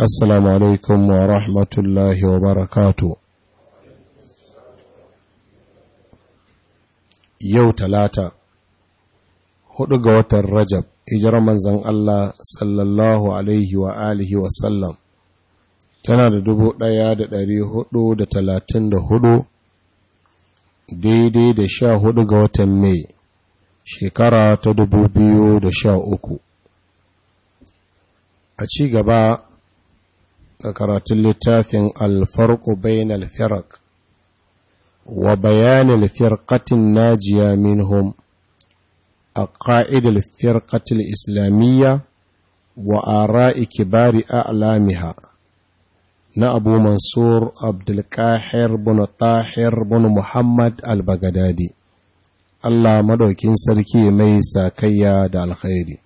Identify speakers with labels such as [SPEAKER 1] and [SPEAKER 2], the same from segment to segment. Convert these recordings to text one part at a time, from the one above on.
[SPEAKER 1] Assalamu alaikum wa rahmatullahi wa barakatu. Yau talata, hudu ga watan Rajab, hijirar manzan Allah sallallahu alaihi tana da dubu ɗaya da ɗari hudu da talatin da hudu, daidai da sha hudu ga watan Mai, shekara ta dubu biyu da sha uku. A ci gaba da karatun littafin alfarƙu bayan alfirak wa bayanin firkatin najiya minhum a ƙa'idar firkatul islamiyya wa ara'i a a'lamiha na abu mansur abdulkahir bin tahir bin muhammad al-bagadadi allah madaukin sarki mai sakayya da alkhairi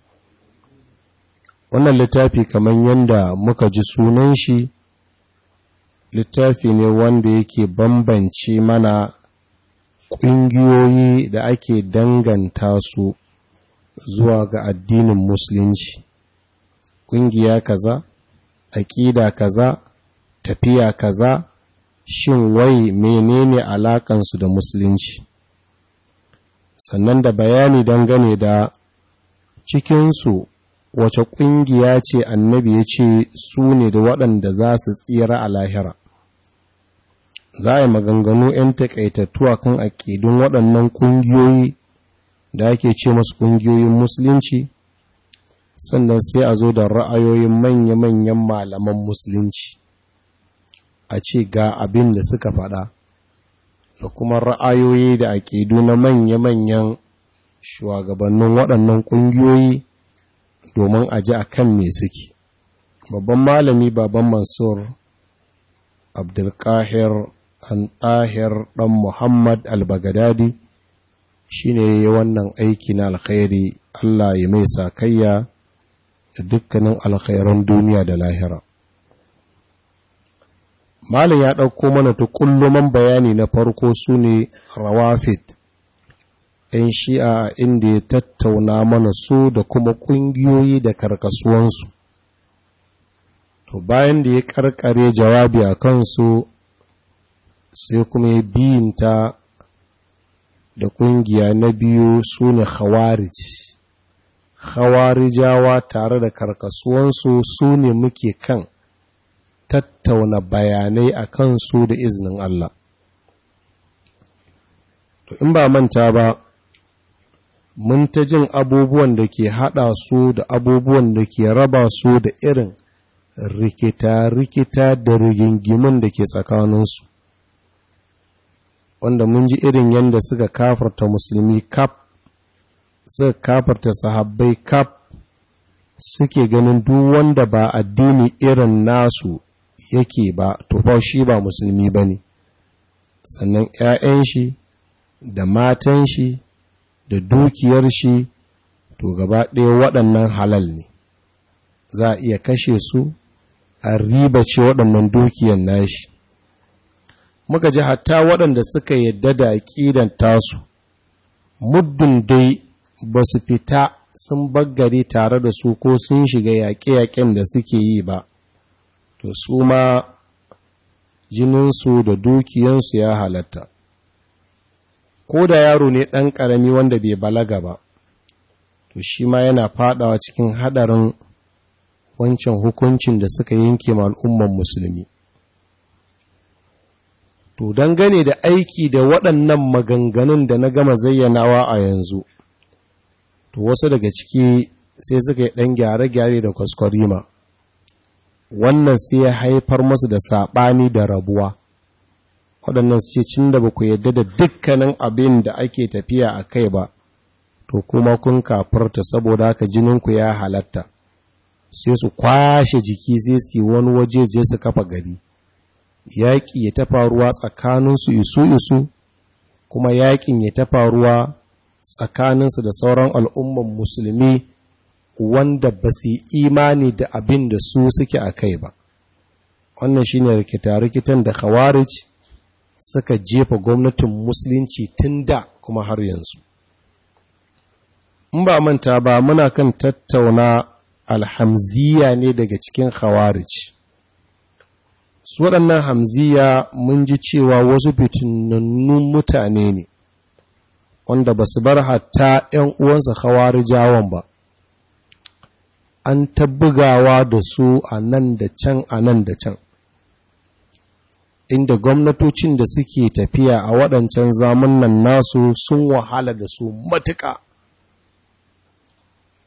[SPEAKER 1] wannan littafi kamar yadda muka ji sunan shi littafi ne wanda yake bambance mana ƙungiyoyi da ake danganta su zuwa ga addinin musulunci ƙungiya kaza aƙida kaza tafiya kaza shin wai menene alaƙansu da musulunci sannan da bayani dangane da cikinsu wace ƙungiya ce annabi ya ce su ne da waɗanda za su tsira a lahira za a yi maganganu 'yan taƙaitattuwa kan aƙidun waɗannan ƙungiyoyi da ake ce masu ƙungiyoyin musulunci sannan sai a zo da ra'ayoyin manya-manyan malaman musulunci a ce ga abin da suka faɗa da kuma ra'ayoyi da aƙidu na manya-manyan shugabannin waɗannan ƙungiyoyi domin a ji a kan me suke babban malami baban mansur abdulkahir an ɗahir ɗan muhammad albagadadi shi ne wannan aiki na alkhairi allah ya mai sakayya da dukkanin alkhairan duniya da lahira malin ya ɗauko mana tukulluman bayani na farko su ne rawafid 'yan shi'a a inda ya tattauna mana su da kuma ƙungiyoyi da karkasuwansu to bayan da ya ƙarƙare jawabi a kansu sai kuma ya biyinta da ƙungiya na biyu su ne hawarijawa tare da karkasuwansu su ne muke kan tattauna bayanai a kansu da izinin Allah to in ba manta ba mun ta jin abubuwan da ke haɗa su da abubuwan da ke raba su da irin rikita-rikita da rigingimin da ke tsakaninsu wanda mun ji irin yadda suka kafarta musulmi kaf suka kafarta sahabbai kaf suke ganin duk wanda ba addini irin nasu yake ba to ba shi ba musulmi ba ne sannan 'ya'yan shi da matan shi da dukiyar shi to gaba ɗaya waɗannan halal ne za a iya kashe su a ribace waɗannan dukiyar nashi muka ji hatta waɗanda suka yadda da ƙidan tasu muddin dai ba su fita sun baggare tare da su ko sun shiga yaƙe-yaƙen da suke yi ba to su ma jininsu da dukiyansu ya halatta ko da yaro ne ɗan ƙarami wanda bai balaga ba to shi ma yana faɗawa cikin haɗarin wancan hukuncin da suka yanke ma al'umman musulmi to dangane da aiki da waɗannan maganganun da na gama zayyanawa a yanzu to wasu daga ciki sai suka yi ɗan gyare-gyare da kwaskwarima wannan sai ya haifar masu da saɓani da rabuwa waɗannan su ce cin da ba ku yadda da dukkanin abin da ake tafiya a kai ba to kuma kun kafarta saboda haka jininku ya halatta sai su kwashe jiki sai su wani waje zai su kafa gari yaƙi ya ta faruwa tsakaninsu isu isu kuma yaƙin ya ta faruwa tsakaninsu da sauran al'umman musulmi wanda ba su imani da abin da su suke a kai ba wannan shi ne rikita rikitan da khawarij suka jefa gwamnatin musulunci tun da kuma har yanzu in ba manta ba muna kan tattauna alhamziya ne daga cikin khawarij su waɗannan hamziya mun ji cewa wasu fitinannun mutane ne wanda ba su bar hatta 'yan uwansa khawarijawan ba an tabbugawa da su a nan da can a nan da can inda gwamnatocin da suke tafiya a waɗancan zamannan nasu sun wahala da su matuƙa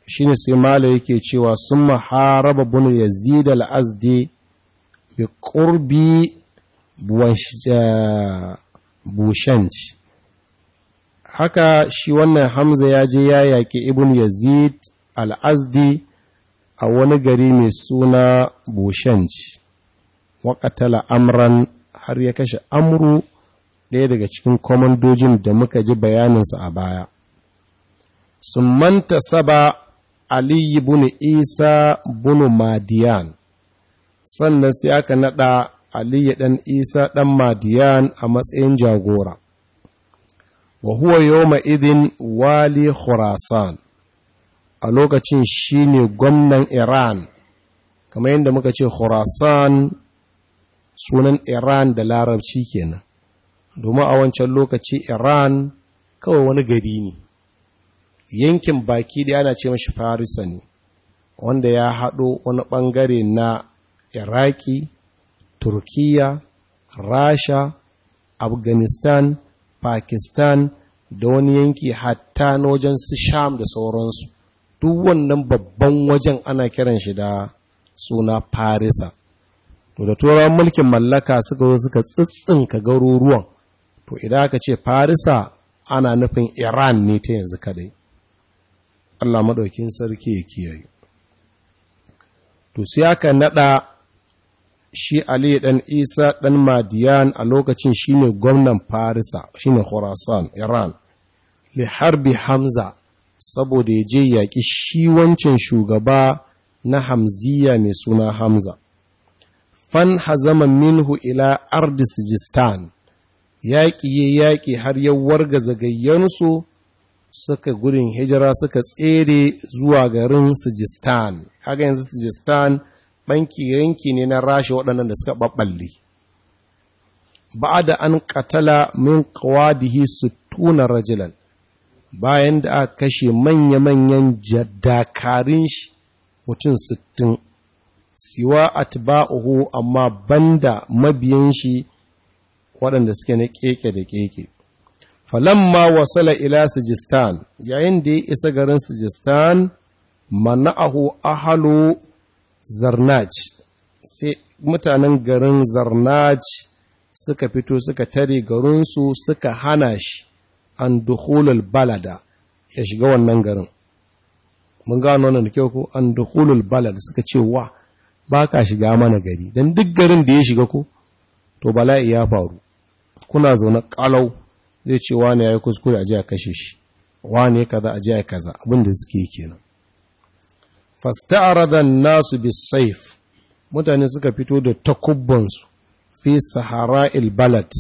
[SPEAKER 1] shi ne sai mala yake cewa sun maharaba bunu da la'azde ya ƙurbi bushanci eh, haka shi wannan hamza ya je ya yaƙi ibn yazid al'azdi a wani gari mai suna bushanci waƙatala amran har ya kashe amru ɗaya daga cikin kwamandojin da muka ji bayaninsa a baya sun manta saba aliyu bunu isa bunu madiyan sannan sai aka naɗa aliyu ɗan isa ɗan madiyan a matsayin jagora wa huwa yawma idin wali khurasan a lokacin shine gwamnan iran kamar yadda muka ce khurasan sunan Iran da larabci kenan domin a wancan lokaci Iran kawai wani gari ne yankin baki da ana ce mashi Farisa ne wanda ya haɗo wani ɓangare na Iraki Turkiya Rasha Afghanistan Pakistan da wani yanki hatta na wajen su Sham da sauransu duk wannan babban wajen ana kiran shi da suna Farisa to da turawan mulkin mallaka suka zo suka ka garuruwan to idan aka ce farisa ana nufin iran ne ta yanzu kadai allah maɗaukin sarki ya kiyaye to sai aka naɗa shi ali ɗan isa ɗan madiyan a lokacin shi ne gwamnan farisa shi ne khurasan iran li harbi hamza saboda ya je yaƙi shi wancan shugaba na hamziya mai suna hamza fan hazama minhu ila ardi sijistan yaƙi ya yaƙi har ya warga zagayyansu suka gudun hijira suka tsere zuwa garin sijistan haka yanzu sijistan banki yanki ne na rashe waɗannan da suka ɓaɓɓalle ba da an katala min kawadihi tuna rajilan, bayan da aka kashe manya-manyan jaddakarin shi mutum sittin siwa atba'uhu amma banda mabiyan shi waɗanda suke na keke da keke falamma wasala ila sijistan yayin da ya isa garin sijistan mana'ahu ahalu zarnaj sai mutanen garin zarnaj suka fito suka tare garinsu suka hana shi an dukhulul balada ya shiga wannan garin mun gano nan da kyau ko an dukhulul balada suka ce wa ba ka shiga mana gari don duk garin da ya shiga ko to bala'i ya faru kuna zaune kalau zai ce wani ya yi kuskure a ji a kashe shi wani ya kaza a ji a kaza abinda suke kenan fasta'aradan nasu bisaif mutane suka fito da takubbansu fi sahara ilbalat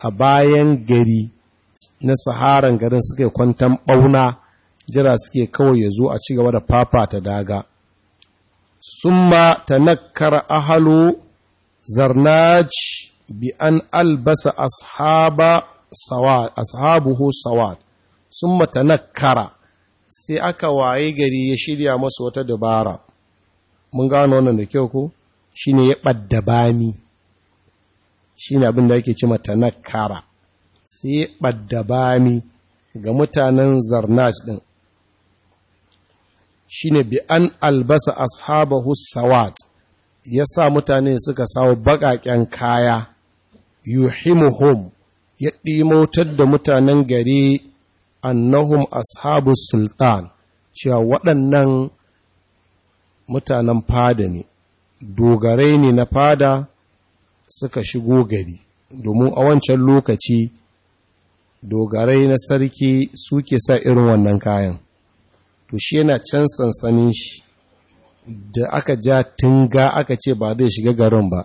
[SPEAKER 1] a bayan gari na saharan garin suke kwantan bauna jira suke kawai ya zo a ci gaba da fafata daga summa tanakkara ahalu zarnaj bi an albasa ashaba sawad ashabuhu sawad summa tanakkara sai aka waye gari ya shirya masu wata dabara mun gano wannan da kyau ko shine ya badda bami shine abin da ake cewa tanakkara sai badda bami ga mutanen zarnaj din shine bi an albasa Ashaba sawat ya sa mutane suka sawo baƙaƙen kaya yuhimuhum ya ɗimotar da mutanen gari annahum ashabu sultan cewa waɗannan mutanen fada ne dogarai ne na fada suka shigo gari domin a wancan lokaci dogarai na sarki suke sa irin wannan kayan to shi yana can sansanin shi da aka ja tunga aka ce ba zai shiga garin ba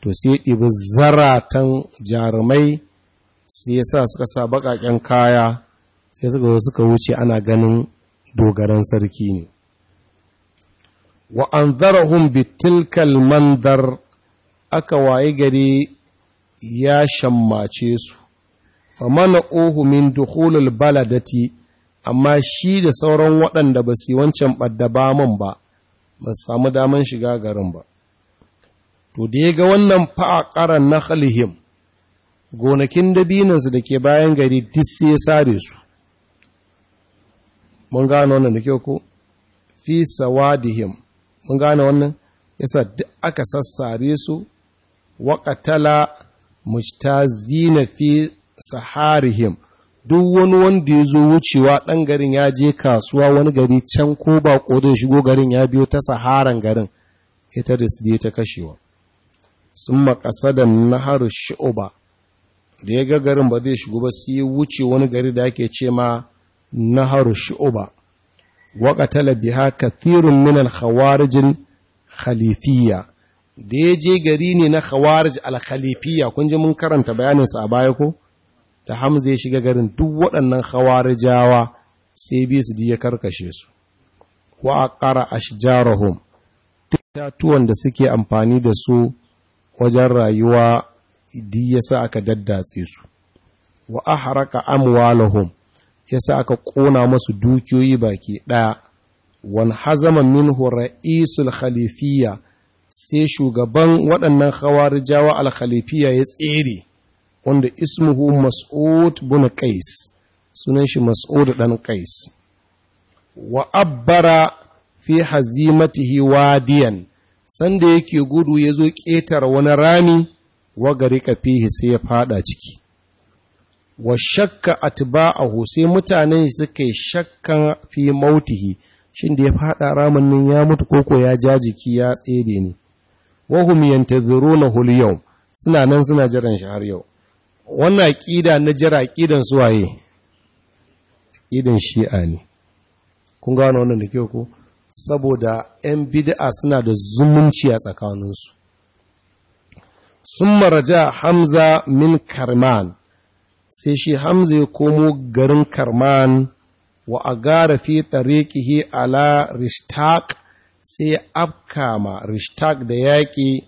[SPEAKER 1] to sai ɗibi zaratan jarumai sai ya sa suka sa baƙaƙen kaya sai suka zo suka wuce ana ganin dogaran sarki ne wa an zarahun bitilkal mandar aka waye gari ya shammace su famana ohu min duhulul baladati amma shi da sauran waɗanda ba su wancan ɓadda man ba ba su samu daman shiga garin ba to da ya ga wannan fa'a ƙaran na halihim, gonakin dabinansu da ke bayan gari duk sai ya sare su mun gane wannan da kyau ko fi sawadihim mun gane wannan yasa duk aka sassare su waƙatala mujtazina fi saharihim duk wani wanda ya zo wucewa ɗan garin ya je kasuwa wani gari can ko ba zai shigo garin ya biyo ta saharan garin ita da su ta kashewa sun makasa da nahar shi'uba da ya ga garin ba zai shigo ba sai ya wuce wani gari da ake ce ma nahar shi'uba waƙatala biha kathirun minan hawarijin khalifiyya da ya je gari ne na khawarij al kun ji mun karanta bayaninsa a baya ko da hamza ya shiga garin duk waɗannan jawa sai bi su ya karkashe su wa aqara ashjarahum tatuwan da suke amfani da su wajen rayuwa diya sa aka daddatse su wa ahraka ya sa aka ƙona masu dukiyoyi baki ɗaya wan hazama hura ra'isul khalifiyya sai shugaban waɗannan hawari jawa khalifiyya ya tsere wanda ismuhu mas'ud bin qais sunan shi mas'ud dan qais wa abbara fi hazimatihi wadiyan sanda yake gudu ya zo ƙetare wani rami wa gari kafihi sai ya fada ciki wa shakka atba'ahu sai mutanen suka yi shakkan fi mautihi shin da ya fada ramin nan ya mutu koko ya ja jiki ya tsere ne wahum yantazuruna hul yau suna nan suna jiran shi har yau wannan ƙida na jira ƙidan suwaye ƙidan shi'a ne kun gano wannan da kyau ku? saboda 'yan bid'a suna da zumunci a tsakaninsu sun maraja hamza min karman sai shi hamza ya komo garin karman wa a gara fi tariƙihi ala rishtak sai ya afkama rishtak da yaƙi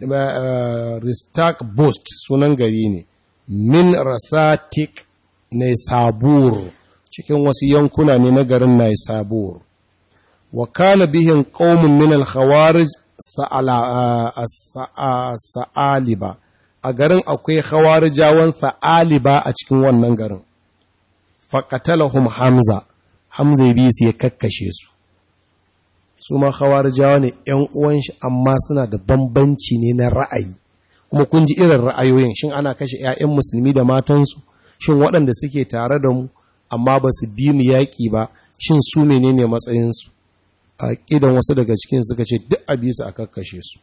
[SPEAKER 1] Eh, ristak bost sunan gari ne min rasatik na sabur cikin wasu yankuna ne na garin na sabur wa kana bihin qaumun min eh, sa'aliba a garin akwai khawarijawan sa'aliba a cikin wannan garin fakatalahum hamza hamza bi sai ya kakkashe su su ma khawarijawa ne ‘yan uwan shi amma suna da bambanci ne na ra'ayi kuma kun ji irin ra'ayoyin shin ana kashe ‘ya'yan musulmi da matansu shin waɗanda suke tare da mu amma ba su bi mu yaƙi ba shin su menene matsayinsu a ƙidan wasu daga cikin suka ce duk a bisa a kakkashe su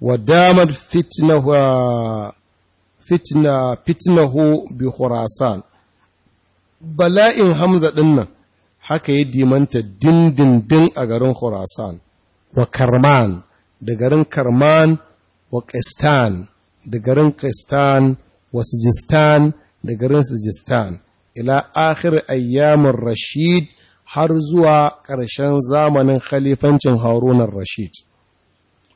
[SPEAKER 1] wa damar fitnahu bi khurasan bala'in hamza ɗin nan haka ya dimanta dindindin a garin khurasan wa karman da garin karman wa kistan da garin kistan wa sijistan da garin sijistan ila akhir ayyamin rashid har zuwa ƙarshen zamanin khalifancin harunan rashid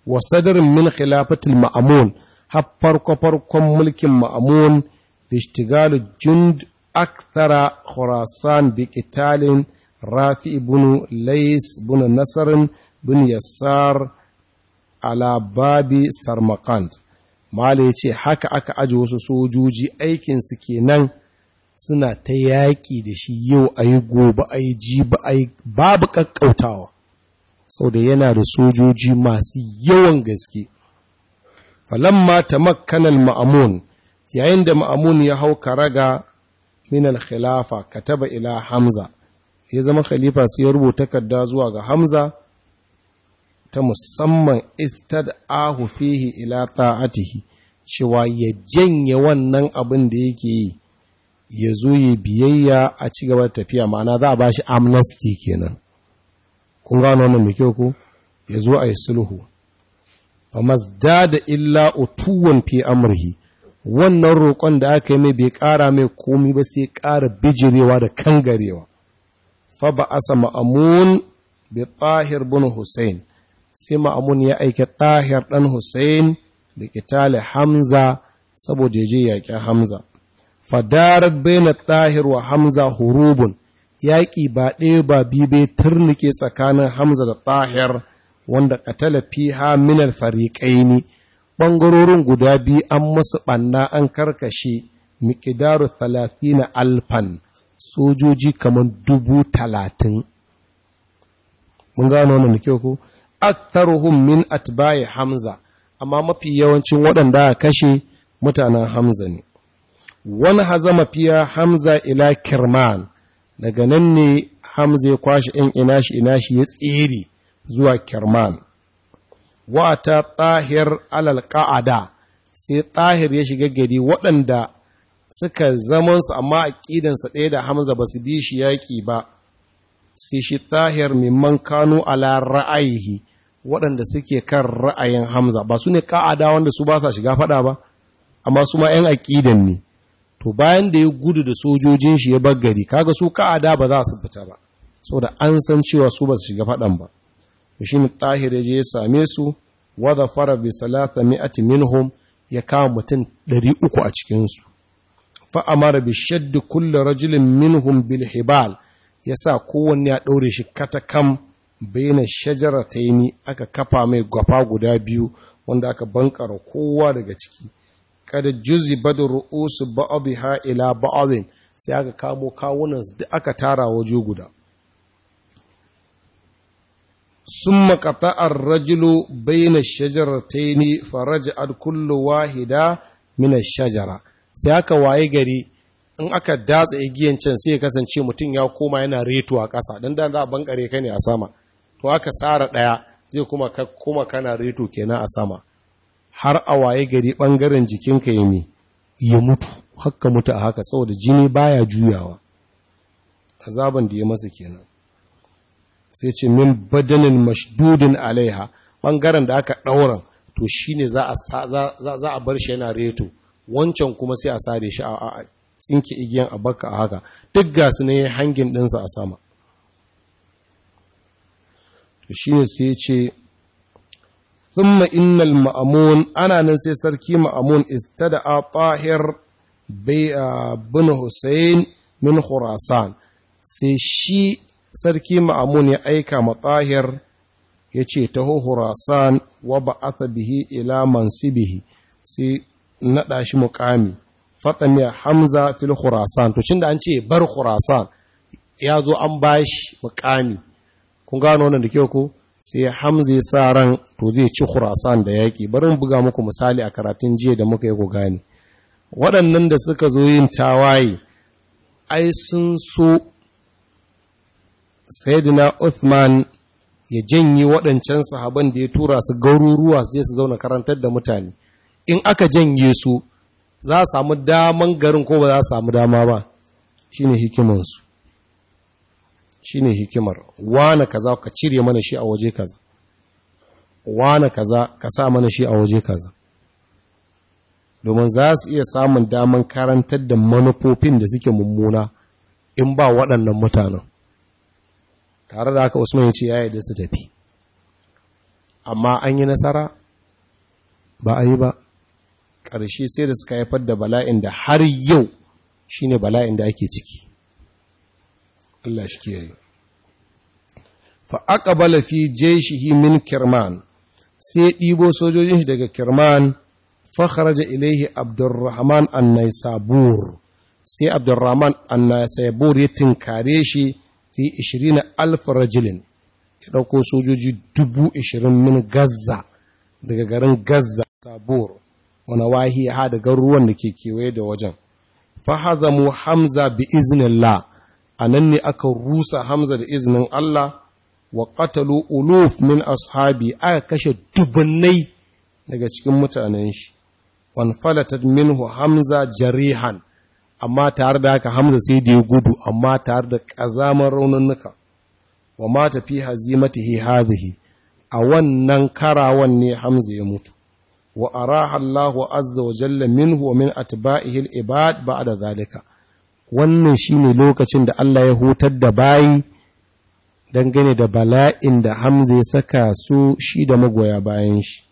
[SPEAKER 1] wa sadarin min khilafatul ma'amun har farko-farkon mulkin ma'amun da jund akthara khurasan bi qitalin rafi ibn lais bin nasarin bin yassar ala babi mala ya ce haka aka aje wasu sojoji aikinsu kenan suna ta yaƙi da shi yau a yi gobe a yi ji ba a yi babu ƙaƙƙautawa sau da yana da sojoji masu yawan gaske falamma ta makkanar ma'amun yayin da ma'amun ya hau karaga minal khilafa kataba ila hamza ya zama khalifa sai ya rubuta takarda zuwa ga Hamza ta musamman istad'ahu fihi ila ta'atihi cewa ya janye wannan abin da yake yi ya zo yi biyayya a cigaba da tafiya ma'ana za a ba shi amnesty kenan kun gano wannan da kyau ko ya zo a yi sulhu fa da illa utuwan fi amrihi wannan roƙon da aka yi mai bai ƙara mai komi ba sai ƙara bijirewa da kangarewa fa ma'amun bi tahir bin Hussein sai ma'amun ya aiki tahir ɗan Hussein da kitali Hamza saboda je yaƙi Hamza fadarar baina tahir wa Hamza hurubun yaƙi ba ɗaya ba biyu bai turnike tsakanin Hamza da tahir wanda katala fiha min al-fariqaini bangarorin guda biyu an masu ɓanna an karkashe miqdaru 30 alfan sojoji kamar dubu talatin mun gano wannan da kyau ko aktharuhum min atba'i hamza amma mafi yawancin waɗanda a kashe mutanen hamza ne wani hazama fiya hamza ila kirman daga nan ne hamza ya kwashe 'yan inashi inashi ya tsere zuwa kirman wata tahir alal sai tahir ya shiga gari waɗanda suka zamansu amma a ƙidansa ɗaya da hamza ba su bi shi yaƙi ba sai shi tahir mimman kanu ala ra'ayihi waɗanda suke kan ra'ayin hamza ba su ne ka'ada wanda su ba sa shiga faɗa ba amma su ma 'yan aƙidan ne to bayan da ya gudu da sojojin shi ya baggari kaga su ka'ada ba za su fita ba saboda an san cewa su ba su shiga faɗan ba to shi tahir ya je ya same su wa zafara bi salata mi'ati minhum ya kama mutum 300 a cikinsu? fa'amara bi shaddi kulle rajulin minhun bil hibal ya sa kowanne ya ɗaure shi katakam bayanan shajara ta yi aka kafa mai gwafa guda biyu wanda aka bankara kowa daga ciki kada juzi bada ru'usu ba'adu ha ila ba'adin sai aka kamo kawunan da aka tara waje guda sun makata an rajulu bayanan shajara ta yi faraja al kullu wahida minas shajara sai aka waye gari in aka datsa igiyan can sai ya kasance mutum ya koma yana reto a ƙasa dan da za a bankare ka ne a sama to aka tsara ɗaya zai kuma ka kuma kana reto kenan a sama har a waye gari bangaren jikinka ya ya mutu haka mutu a haka saboda jini baya juyawa azaban da ya masa kenan sai ce min badanin mashdudin alaiha bangaren da aka ɗauran to shine za a bar shi yana reto wancan kuma sai a sare shi a tsinke igiyan a baka a haka duk ga su ne hangin ɗinsa a sama to shi ne sai ce thumma innal ma'amun ana nan sai sarki ma'amun istada'a tahir bai bin Hussein min Khurasan sai shi sarki ma'amun ya aika ma tahir ya ce taho Khurasan wa ba'atha bihi ila mansibihi sai naɗa shi muƙami fatamiya hamza fil khurasan to da an ce bar khurasan ya zo an bashi muƙami kun gano wannan da kyau ko sai hamza ya sa ran to zai ci khurasan da yaƙi bari mu buga muku misali a karatun jiya da muka yi ku gane waɗannan da suka zo yin tawaye ai sun so sayyidina Uthman ya janye waɗancan sahaban da ya tura su garuruwa sai su zauna karantar da mutane in aka janye su za a samu daman garin ko ba za a samu dama ba shi ne hikimansu shi ne hikimar wane kaza ka cire mana shi a waje kaza wane kaza ka sa mana shi a waje kaza domin za su iya samun daman karantar da manufofin da suke mummuna in ba waɗannan mutanen tare da haka usman ya ce ya yi da su tafi amma an yi nasara ba a yi ba ƙarshe sai da suka haifar da bala'in da har yau shi ne bala'in da ake ciki Allah shi kiyaye fa aqbala fi jayshihi min kirman sai ɗibo sojojin shi daga kirman fa da Ilaihi abdurrahman an Sabur, sai abdurrahman an Sabur ya tinkare shi fi 20 alf rajulin ya ɗauko sojoji ishirin min gazza daga garin gaza sabur wani wahi ha da garuruwan da ke kewaye da wajen mu hamza bi iznillah a nan ne aka rusa hamza da iznin Allah wa qatalu uluf min ashabi aka kashe dubunnai daga cikin mutanen shi min minhu hamza jarihan amma tare da haka hamza sai da ya gudu amma tare da ƙazamar raununuka wa mata fi hazimatihi hadhihi a wannan karawan ne hamza ya mutu wa araha Allah azza wa jalla minhu wa min atba'ihil ibad ba'da zalika wannan shine lokacin da Allah ya hutar da bayi dangane da bala'in da Hamza ya saka su shi da magoya bayan shi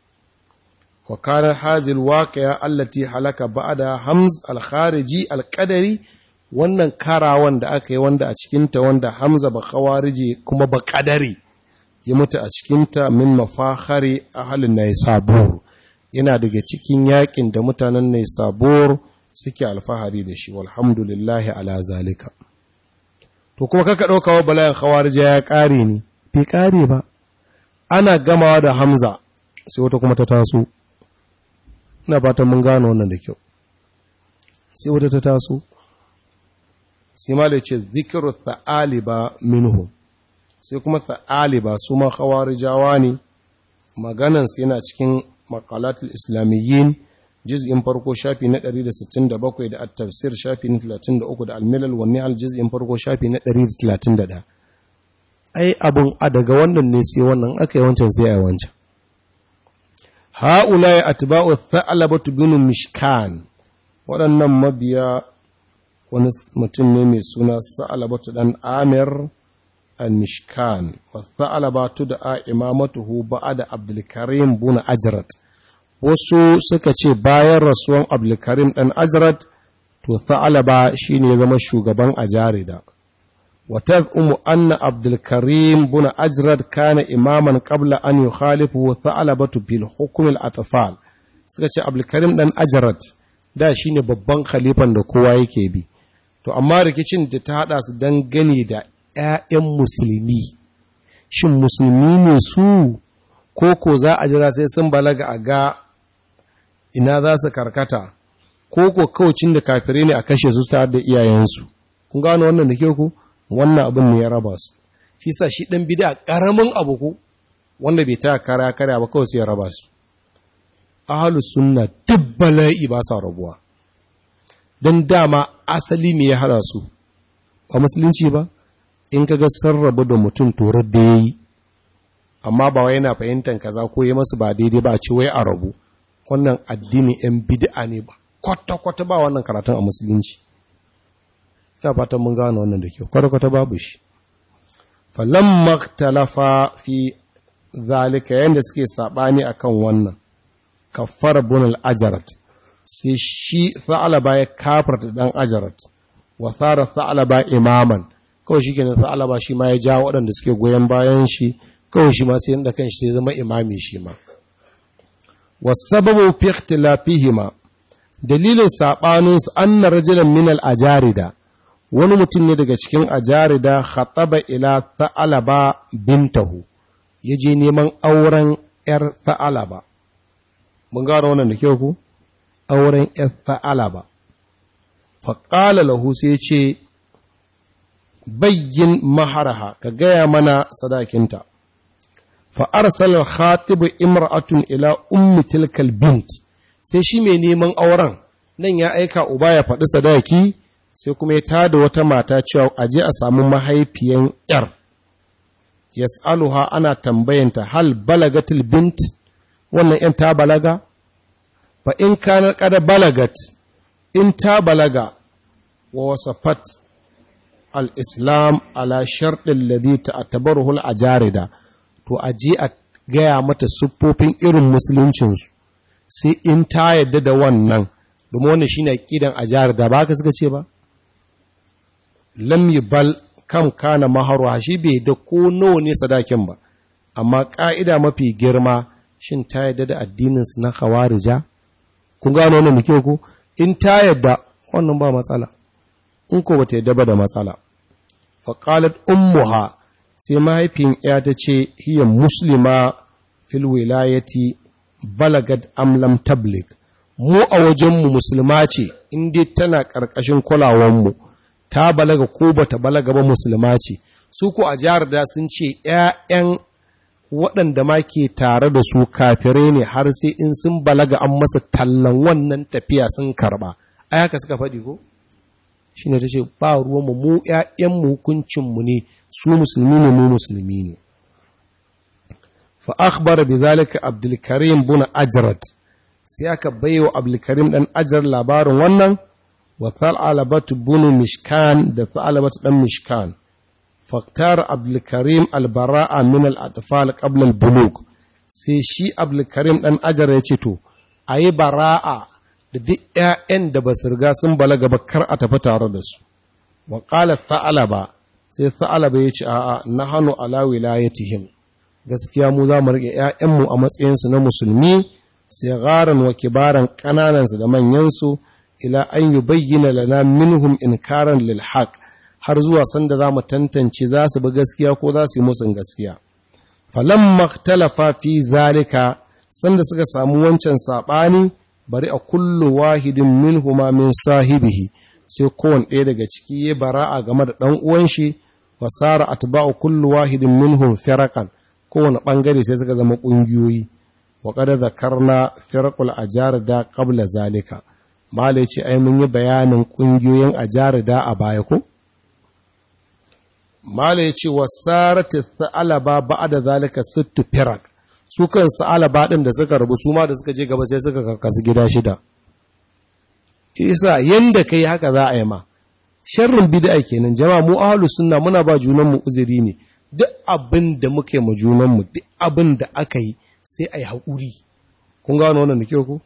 [SPEAKER 1] wa kana hazil waqi'a allati halaka ba'da Hamz al-khariji al-qadari wannan karawan da aka yi wanda a cikinta wanda Hamza ba khawariji kuma ba qadari ya mutu a cikinta min mafakhari ahlin saburu yana daga cikin yakin da mutanen ne sabuwar suke alfahari da shi walhamdulillahi ala zalika to kuma kaka ɗauka wa bala'in khawarija ya ƙare ne bai ƙare ba ana gamawa da hamza sai wata kuma ta taso ina fatan mun gano wannan da kyau sai wata ta taso sai ma da ce zikiru tha'aliba minhu sai kuma tha'aliba su ma khawarijawa ne maganansu yana cikin maqalatul islamiyyin juz'in farko shafi na 167 da at-tafsir shafi na 33 da al-milal wa ni'al juz'in farko shafi na 131 ai abun a daga wannan ne sai wannan aka yi wancan sai ai wancan haula ya atba'u tha'labatu bin mishkan waɗannan mabiya wani mutum ne mai suna sa'alabatu dan amir المشكان والثعلبة تدعى إمامته بعد عبد الكريم بن أجرد wasu suka ce bayan rasuwan abdulkarim ɗan azrat to tha'alaba shi ne zama shugaban ajarida wata umu anna abdulkarim buna azrat kana imaman qabla an yi khalifu tha'alabatu bil hukumil atafal suka ce abdulkarim ɗan azrat da shine babban khalifan da kowa yake bi to amma rikicin da ta haɗa su dangane da ‘ya'yan musulmi, shin musulmi ne su ko za a jira sai sun balaga a ga ina za su karkata, ko ko kawacin da kafirai ne a kashe su ta da iyayensu. Kun gano wannan da ke ku? Wannan abin ne ya raba su. Shi sa shi ɗan bida ƙaramin abu ku wanda bai ta kara kara ba kawai sai ya raba su. Ahalus sunna duk bala'i ba sa rabuwa. Don dama asali ne ya hada su, ba musulunci ba? in ka ga sarraba da mutum turar da ya yi amma ba wai yana fahimtar kaza ko yi masu ba daidai ba ce wai a rabu wannan addini yan bid'a ne ba kwata-kwata ba wannan karatun a musulunci ina fatan mun gano wannan da kyau kwata-kwata babu shi falon maktalafa fi zalika yadda suke saɓani a kan wannan kafar bunal ajarat sai shi tha'alaba ya kafarta ɗan ajarat wa tsara tha'alaba imaman kawai shi kenan alaba shi ma ya ja waɗanda suke goyon bayan shi kawai shi ma sai yin kan shi sai zama imami shi ma wasababu fiye ma dalilin saɓanin su na rajilan minal a ajarida wani mutum ne daga cikin ajarida khataba ila ba bintahu je neman auren yar ba mun gano wannan da kyau ku auren yar ta'alaba faqala lahu sai ce bayyin maharaha ka gaya mana sadakinta fa arsala khatibu imra'atun ila ummi tilkal bint sai shi mai neman auren nan ya aika uba ya faɗi sadaki sai kuma ya tada wata mata cewa aje a samu mahaifiyan yar yas'aluha ana tambayanta hal balagatil bint wannan yan ta balaga fa in kana kada balagat in ta balaga wa wasafat al-islam ala sharɗin tabar a jari jarida to a ji a gaya mata siffofin irin musuluncinsu sai in ta yadda da wannan domin shi wannan shine a jarida ba ka suka ce ba lam bal kam kana maharu shi bai da ko nawa ne sadakin ba amma ka'ida mafi girma shin ta yadda da addininsu na kawarija? Kun gano wannan muke ku? In ta yadda wannan ba matsala, in ko ba ta yadda ba da matsala. faƙalat ummuha sai mahaifin ya ta ce hiya muslima fil wilayati balagat amlam tablik mu a wajenmu musulma ce inda tana ƙarƙashin kulawanmu ta balaga ko ba ta balaga ba musulma ce su ko a jihar da sun ce 'ya'yan waɗanda ma ke tare da su kafirai ne har sai in sun balaga an masa tallan wannan tafiya sun karɓa ayaka suka faɗi ko shi ne ta ce ba ruwanmu mu hukuncin mu ne su musulmi ne mu musulmi ne fa akhbara bi zalika abdulkarim buna ajrat sai aka baiwa abdulkarim dan ajrar labarin wannan wa thalabatu bunu mishkan da thalabatu dan mishkan faktar abdulkarim bara'a min al-atfal qabla al-bulug sai shi abdulkarim dan ajara ya ce to ayi bara'a da duk ‘ya'yan da ba su riga sun balaga ba kar a tafi tare da su. Wa ƙala sai fa'alaba ya ce a'a na hannu ala wilayatihim gaskiya mu za mu riƙe ‘ya'yanmu a matsayinsu na musulmi sai gharan wa kibaran ƙananansu da manyansu ila an yi bayyana lana minhum inkaran lil haq har zuwa sanda za mu tantance za su bi gaskiya ko za su yi musun gaskiya. Falamma talafa fi zalika sanda suka samu wancan saɓani bari a kullu wahidin minhuma min sahibihi sai kowane ɗaya daga ciki ya bara a game da ɗan uwan shi wa sara atba'u kullu wahidin minhum firaqan kowane ɓangare sai suka zama ƙungiyoyi wa qad zakarna firaqul da qabla zalika malai ce ai mun yi bayanin ƙungiyoyin ajarida a baya ko malai ce wa ba a ba'da zalika sittu firaq su kansu alaba ɗin da suka rabu su ma da suka je gaba sai suka karkasu gida shida isa yanda kai haka za a yi ma sharrin bid'a nan, jama'a mu ahalu sunna muna ba junanmu uzuri ne duk abin da muke ma junanmu duk abin da aka yi sai a yi haƙuri kun gano wannan ke ku?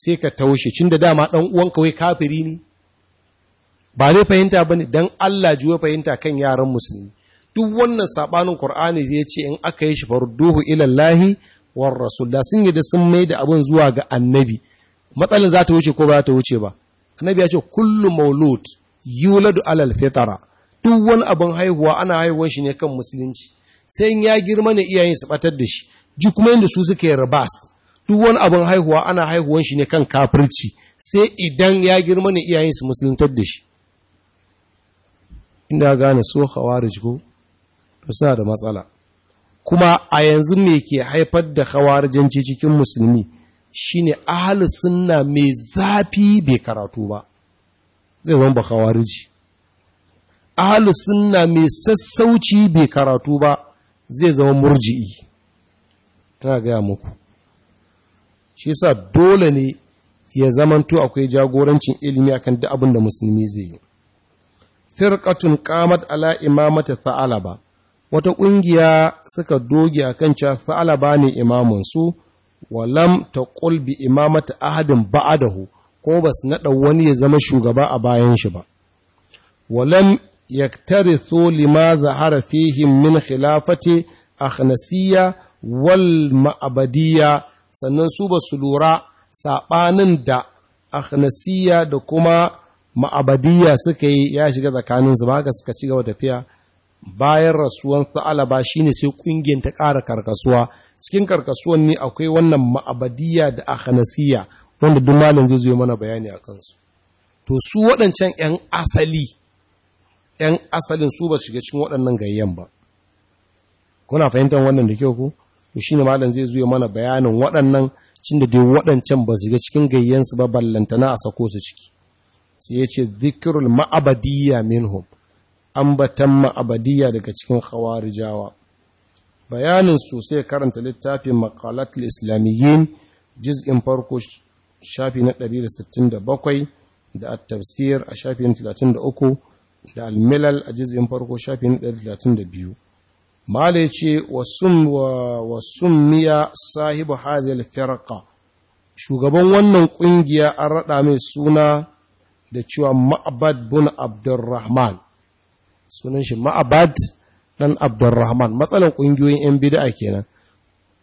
[SPEAKER 1] sai ka taushe cin da dama ɗan uwanka kawai kafiri ne ba ne fahimta ba ne don Allah juwa fahimta kan yaran musulmi duk wannan sabanin qur'ani ya ce in aka yi shi farduhu ila lahi war rasul da sun da sun mai da abin zuwa ga annabi matsalin za ta wuce ko ba ta wuce ba annabi ya ce kullu maulud yuladu alal fitara duk wani abin haihuwa ana haihuwar shi ne kan musulunci sai in ya girma ne iyayen su batar da shi ji kuma su suke rabas duk wani abin haihuwa ana haihuwan shi ne kan kafirci sai idan ya girma ne iyayen su musuluntar da shi inda gane so hawa ko suna da matsala kuma a yanzu me ke haifar da janci cikin musulmi shine ahlus sunna mai zafi bai karatu ba zai zama ji. ahlus sunna mai sassauci bai karatu ba zai zama murji'i tana gaya muku shi sa dole ne ya zamanto akwai jagorancin ilimi akan duk abin da musulmi zai yi firqatun qamat ala imamati ba. wata ƙungiya suka doge a kan cewa sa'alaba ne imamansu walam ta ƙulbi imamata ahadin ba'adahu ko ba su naɗa wani ya zama shugaba a bayan shi ba walam so lima zahara fihim min khilafati akhnasiyya wal ma'abadiyya sannan su ba su lura saɓanin da akhnasiyya da kuma ma'abadiyya suka yi ya shiga tsakaninsu ba haka suka ci gaba tafiya bayan rasuwan sa'alaba shine sai ƙungiyar ta ƙara karkasuwa cikin karkasuwan ne akwai wannan ma'abadiya da akhanasiya wanda duk malam zai zo mana bayani a kansu to su waɗancan 'yan asali 'yan asalin su ba shiga cikin waɗannan gayyan ba kuna fahimtar wannan da kyau ku to shine malam zai zo mana bayanin waɗannan cin da dai waɗancan ba shiga cikin gayyansu ba ballantana a sako su ciki sai ya ce zikirul ma'abadiyya minhum ambatan ma'abadiyya daga cikin khawarijawa bayanin sosai karanta littafin maqalatul islamiyyin juz'in farko shafi na 167 da at-tafsir a shafi na 33 da al-milal a juz'in farko shafi na 132 mala yace wasum wa miya sahibu hadhihi al shugaban wannan kungiya an rada mai suna da cewa ma'bad bin abdurrahman sunan shi ma'abad dan abdurrahman matsalan ƙungiyoyin 'yan bid'a kenan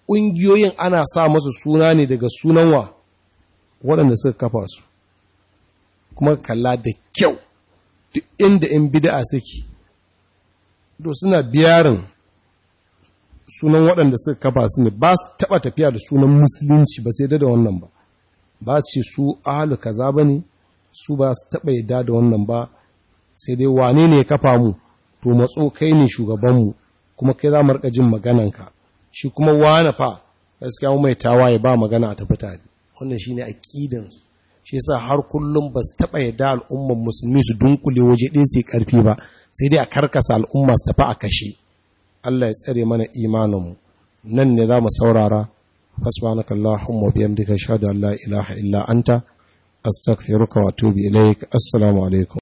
[SPEAKER 1] ƙungiyoyin ana sa masu suna ne daga sunan wa waɗanda suka kafa su kuma kalla da kyau duk inda 'yan bid'a suke to suna biyarin sunan waɗanda suka kafa su ne ba su taɓa tafiya da sunan musulunci ba sai da wannan ba ba su su ahalu kaza ba ne su ba su taɓa yadda da wannan ba sai dai wane ne ya kafa mu to matso kai ne shugabanmu kuma kai za mu rika jin magananka shi kuma wani fa gaskiya mu mai tawaye ba magana a tafi tare wannan shine aqidan shi yasa har kullum ba su taba yadda al'umman musulmi su dunkule waje ɗin su karfi ba sai dai a karkasa al'umma su tafi a kashe Allah ya tsare mana imaninmu nan ne za mu saurara فسبحانك اللهم وبحمدك اشهد ان لا اله الا انت استغفرك واتوب